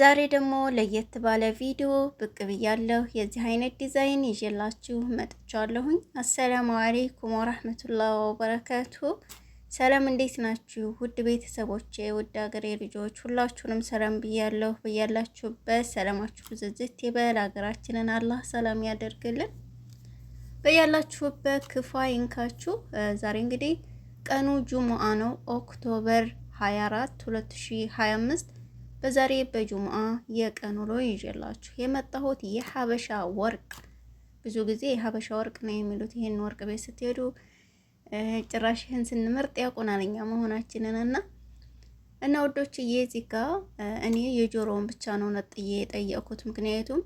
ዛሬ ደግሞ ለየት ባለ ቪዲዮ ብቅ ብያለሁ። የዚህ አይነት ዲዛይን ይዤላችሁ መጥቻለሁኝ። አሰላሙ አለይኩም ወራህመቱላሂ ወበረከቱ። ሰላም እንዴት ናችሁ? ውድ ቤተሰቦቼ፣ ውድ አገሬ ልጆች ሁላችሁንም ሰላም ብያለሁ። በያላችሁበት ሰላማችሁ ዝዝት ይበል። ሀገራችንን አላህ ሰላም ያደርግልን። በያላችሁበት ክፉ አይንካችሁ። ዛሬ እንግዲህ ቀኑ ጁሙአ ነው ኦክቶበር 24 2025 በዛሬ በጁምአ የቀን ውሎ ይዤላችሁ የመጣሁት የሀበሻ ወርቅ። ብዙ ጊዜ የሀበሻ ወርቅ ነው የሚሉት። ይህን ወርቅ ቤት ስትሄዱ ጭራሽ ይህን ስንመርጥ ያውቁናል እኛ መሆናችንን እና እና ወዶች እዚህ ጋ እኔ የጆሮውን ብቻ ነው ነጥዬ የጠየቅኩት፣ ምክንያቱም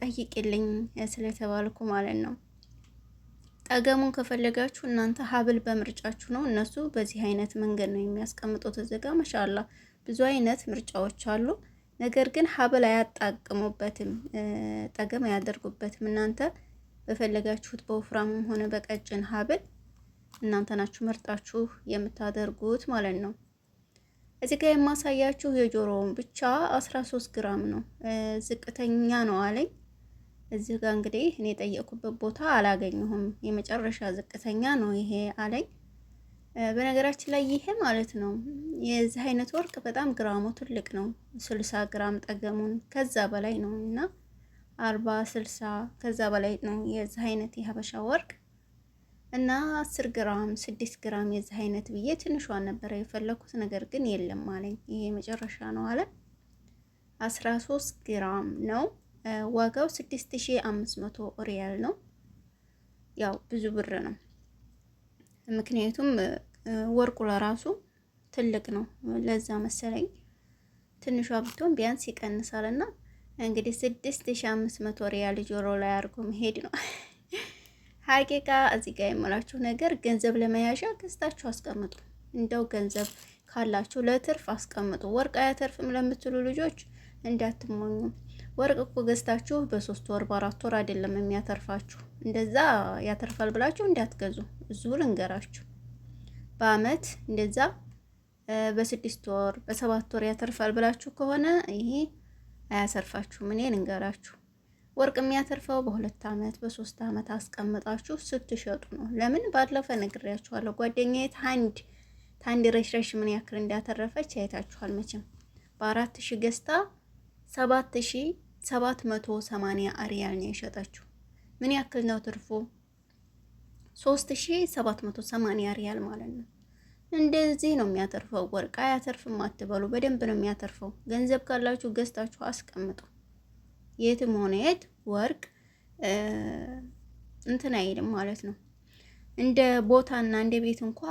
ጠይቅልኝ ስለተባልኩ ማለት ነው። ጠገሙን ከፈለጋችሁ እናንተ ሀብል በምርጫችሁ ነው። እነሱ በዚህ አይነት መንገድ ነው የሚያስቀምጡት። እዚህ ጋ ብዙ አይነት ምርጫዎች አሉ። ነገር ግን ሀብል አያጣቅሙበትም፣ ጠገም አያደርጉበትም። እናንተ በፈለጋችሁት በወፍራምም ሆነ በቀጭን ሀብል እናንተ ናችሁ መርጣችሁ የምታደርጉት ማለት ነው። እዚህ ጋር የማሳያችሁ የጆሮውን ብቻ 13 ግራም ነው፣ ዝቅተኛ ነው አለኝ እዚህ ጋር እንግዲህ እኔ የጠየቅኩበት ቦታ አላገኘሁም። የመጨረሻ ዝቅተኛ ነው ይሄ አለኝ። በነገራችን ላይ ይሄ ማለት ነው የዚህ አይነት ወርቅ በጣም ግራሙ ትልቅ ነው። ስልሳ ግራም ጠገሙን ከዛ በላይ ነው እና አርባ ስልሳ ከዛ በላይ ነው የዚህ አይነት የሀበሻ ወርቅ እና አስር ግራም ስድስት ግራም የዚህ አይነት ብዬ ትንሿን ነበረ የፈለኩት ነገር ግን የለም አለኝ። ይሄ መጨረሻ ነው አለ አስራ ሶስት ግራም ነው ዋጋው 6500 ሪያል ነው። ያው ብዙ ብር ነው። ምክንያቱም ወርቁ ለራሱ ትልቅ ነው። ለዛ መሰለኝ ትንሿ ብትሆን ቢያንስ ይቀንሳል። እና እንግዲህ 6500 ሪያል ጆሮ ላይ አድርጎ መሄድ ነው። ሀቂቃ እዚህ ጋር የምላችሁ ነገር ገንዘብ ለመያዣ ገዝታችሁ አስቀምጡ። እንደው ገንዘብ ካላችሁ ለትርፍ አስቀምጡ። ወርቅ አያተርፍም ለምትሉ ልጆች እንዳትሞኙ። ወርቅ እኮ ገዝታችሁ በሶስት ወር በአራት ወር አይደለም የሚያተርፋችሁ። እንደዛ ያተርፋል ብላችሁ እንዳትገዙ እዙ ልንገራችሁ። በአመት እንደዛ በስድስት ወር በሰባት ወር ያተርፋል ብላችሁ ከሆነ ይሄ አያሰርፋችሁም። እኔ ልንገራችሁ፣ ወርቅ የሚያተርፈው በሁለት አመት በሶስት አመት አስቀምጣችሁ ስትሸጡ ነው። ለምን ባለፈ ነግሬያችኋለሁ። ጓደኛዬ ታንድ ታንድ ረሽረሽ ምን ያክል እንዳተረፈች አይታችኋል መቼም በአራት ሺህ ገዝታ ሰባት ሺህ ሰባት መቶ ሰማንያ ሪያል ነው የሸጠችው። ምን ያክል ነው ትርፉ? ሶስት ሺ ሰባት መቶ ሰማንያ ሪያል ማለት ነው። እንደዚህ ነው የሚያተርፈው። ወርቅ አያተርፍም አትበሉ፣ በደንብ ነው የሚያተርፈው። ገንዘብ ካላችሁ ገዝታችሁ አስቀምጡ። የትም ሆነ የት ወርቅ እንትን አይልም ማለት ነው። እንደ ቦታና እንደ ቤት እንኳ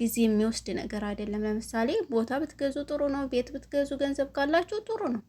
ጊዜ የሚወስድ ነገር አይደለም። ለምሳሌ ቦታ ብትገዙ ጥሩ ነው። ቤት ብትገዙ ገንዘብ ካላችሁ ጥሩ ነው።